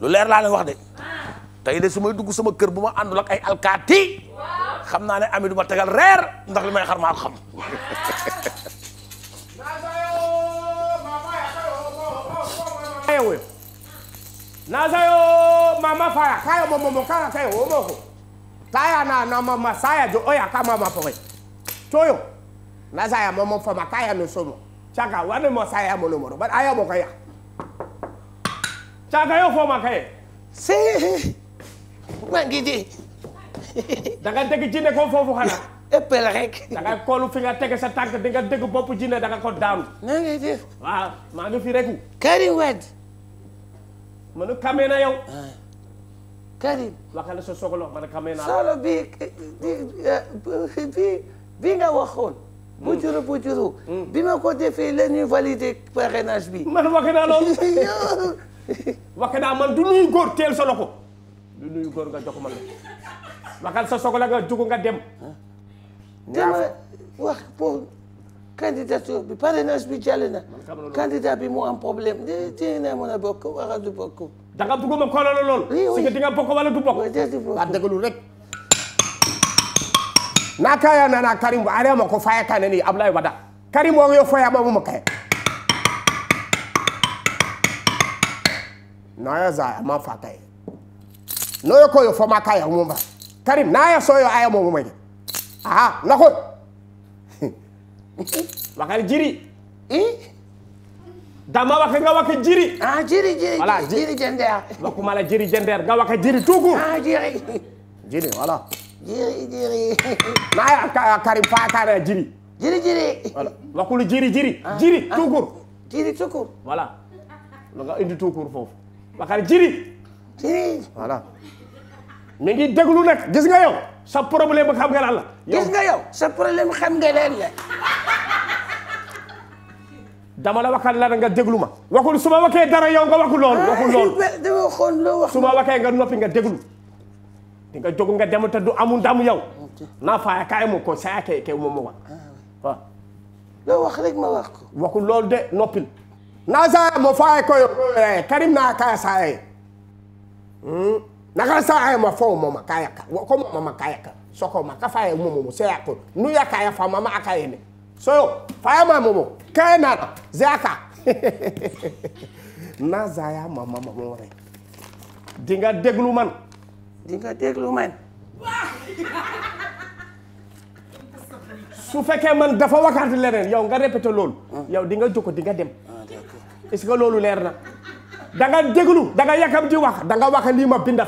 lu leer laa leen wax de tey de su may dugg sama kër bu ma àndul ak ay alkaati xam naa ne ami du ma tegal reer ndax li may xar maa ko xam. nazayo mama faya kayo momomo kala kayo omoko taya na na mama saya jo oya ka mama poe toyo nazaya momo fama kaya no somo chaka wane mo saya mo no moro but aya mo kaya caaga yow foo ma kaye see maa ngi dee da jinne ko foofu xanaa ëppal rek da koolu fi nga tege sa tànk di nga dégg bopp jinne da nga ko daanu na ngay maa ngi fi reku Karim Wade manu kamee na yow ah. Karim waxal sa soxla man kamee bi bi nga waxoon hmm. bujuru bujuru hmm. bi ma ko defee la ñuy valider parrainage bi wakk naa man du nuyu góor teel sa loxo du nuyu góor nga jox ma la waxal sa nga jugu nga dem. dama wax pour candidature bi parrainage bi jàll na. candidat bi mu am problème de tey naa mën a bokk wala du bokk. da nga bëgg ma kóolóol lool. oui si di nga bokk wala du bokk. oui déedéet bokk wax dëgg lu rek. n'a ka ya nana Karim bu aree ma ko faya ka ne ni Ablaye Wada Karim boo ko yow faya ma mu ma kay. naya zaya ma fata ye noyo koyo fo ma kaya mumba karim naya soyo aya mo mumage aha nako wakal jiri dama wake ah, jiri jiri jiri jender wakuma la jiri jender nga wake jiri tugu ah, jiri jiri tukur jiri tukur tukur foofu Bakar Jiri. voilà. mi ngi déglu nag gis nga yow sa problème xam nga lan gis nga yow sa problème xam nga dama la. dama la waxal nga déglu ma. waxul su ma waxee dara yow nga waxul loolu. Ah, waxul loolu su nga noppi nga déglu. di nga jóg nga dem te du amul ndamu yow. naa faa kaay mu ko saa kee kee mu mu wax. loo wax rek ma wax loolu de noppil. nasaye mo faye koyo eh, karim na kaya saye hmm? nagara saye mo fo moma kayaka ko moma kayaka soko ma kafaye momomo seyako nu yakaya fa mama akayene soyo fayama momo kayenana zeaka nazaya mama mamore dinga déglu man dinga déglu man su fekkee man dafa waxaat leneen yow nga répété loolu hmm. yow dinga nga jóg di nga dem hmm. est loolu leer na da nga déglu da nga yàkkam di wax da nga wax lii ma binda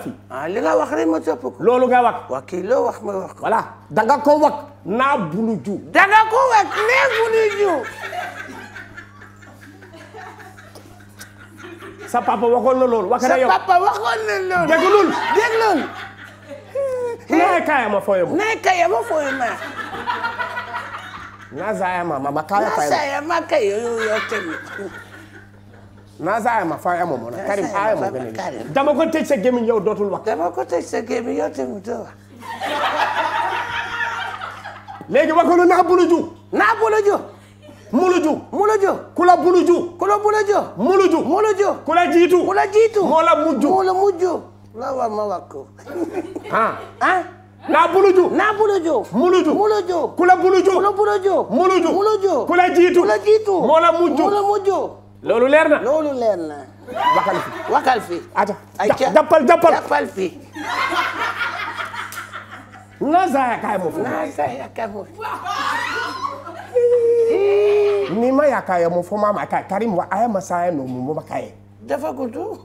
li nga wax rek ko. loolu nga wax. waa kii ma wax ko. voilà ko wax naa bulu ju. ko wax nee bulu sa papa waxoon na loolu. wax na yow déglul déglul. nee kaya ma fooye ma. nee kaya ma fooye ma. naa zaya ma ma ma kaya fayema. ma kaya yow yow tamit. Naasa aayama fa aayama moo na Karim aayama gën a dama ko tëj sa gémmiñ yow dootul wax. dama ko tëj sa gémmiñ yow tamit doo wax. wa wakalu naa buluju. naa buluju. muluju. muluju. kula buluju. kula buluju. muluju. muluju. kula jiitu. kula jiitu. moola mujju. moola mujju. la ma ko. ah. ah. naa buluju. naa buluju. muluju. muluju. kula buluju. kula buluju. muluju. muluju. kula jiitu. kula jiitu. moola mujju. moola loolu leer na loolu leer na. fi waxal fi. ayca jàppal fi. Naazaya kaay mu fo. ni ma ya kaaya mu fo ma ma kaay Karim wa aya masaya no mu ma kaay. dafa gudu.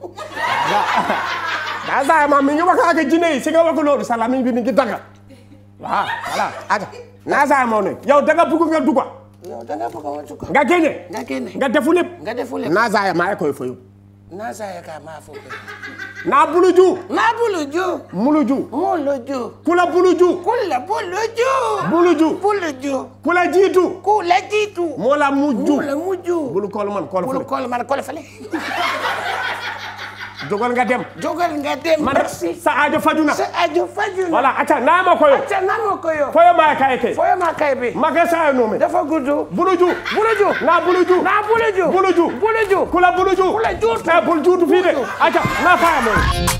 ma mi ñu ma jinne yi si nga wax loolu salami bi mi ngi danga. waaw voilà ayca Naazaya ma ne yow yow da nga bëgg a wàccu ko. nga génne. nga génne nga defu lépp. nga defu lépp naa zaaya maa koy fayu. naa zaaya ka maa fo koy. naa buluju. naa buluju. muluju. muluju. kula jiitu. kula jiitu. moola bulu kool man kol fële. jogal nga dem. jogal nga dem merci. sa aajo fajuna. sa aajo fajuna. voilà acca naa ma koyo. acca naa ma koyo. kaye ke. koyo maa kaye be. ma kɛ saa nɔ mɛ. dafa gudu. buluju. buluju. na buluju. naa buluju. buluju. buluju. kula buluju. kula juutu. ɛ bulujuutu fii de. acca naa faa mɛ.